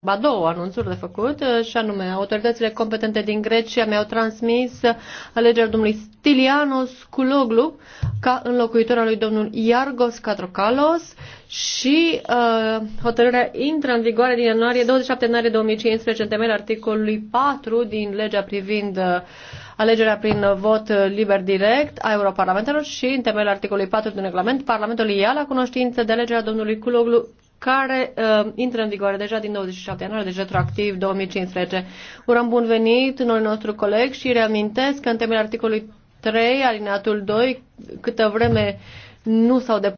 ba două anunțuri de făcut, uh, și anume autoritățile competente din Grecia mi-au transmis alegerea domnului Stilianos Kuloglu ca înlocuitor al lui domnul Iargos Catrocalos și uh, hotărârea intră în vigoare din ianuarie 27 ianuarie 2015 în temeiul articolului 4 din legea privind uh, alegerea prin uh, vot uh, liber direct a europarlamentelor și în temeiul articolului 4 din regulament Parlamentul ia la cunoștință de alegerea domnului Culoglu care uh, intră în vigoare deja din 27 ianuarie, deja deci retroactiv 2015. Urăm bun venit noi nostru coleg și reamintesc că în temele articolului 3, alineatul 2, câtă vreme nu s-au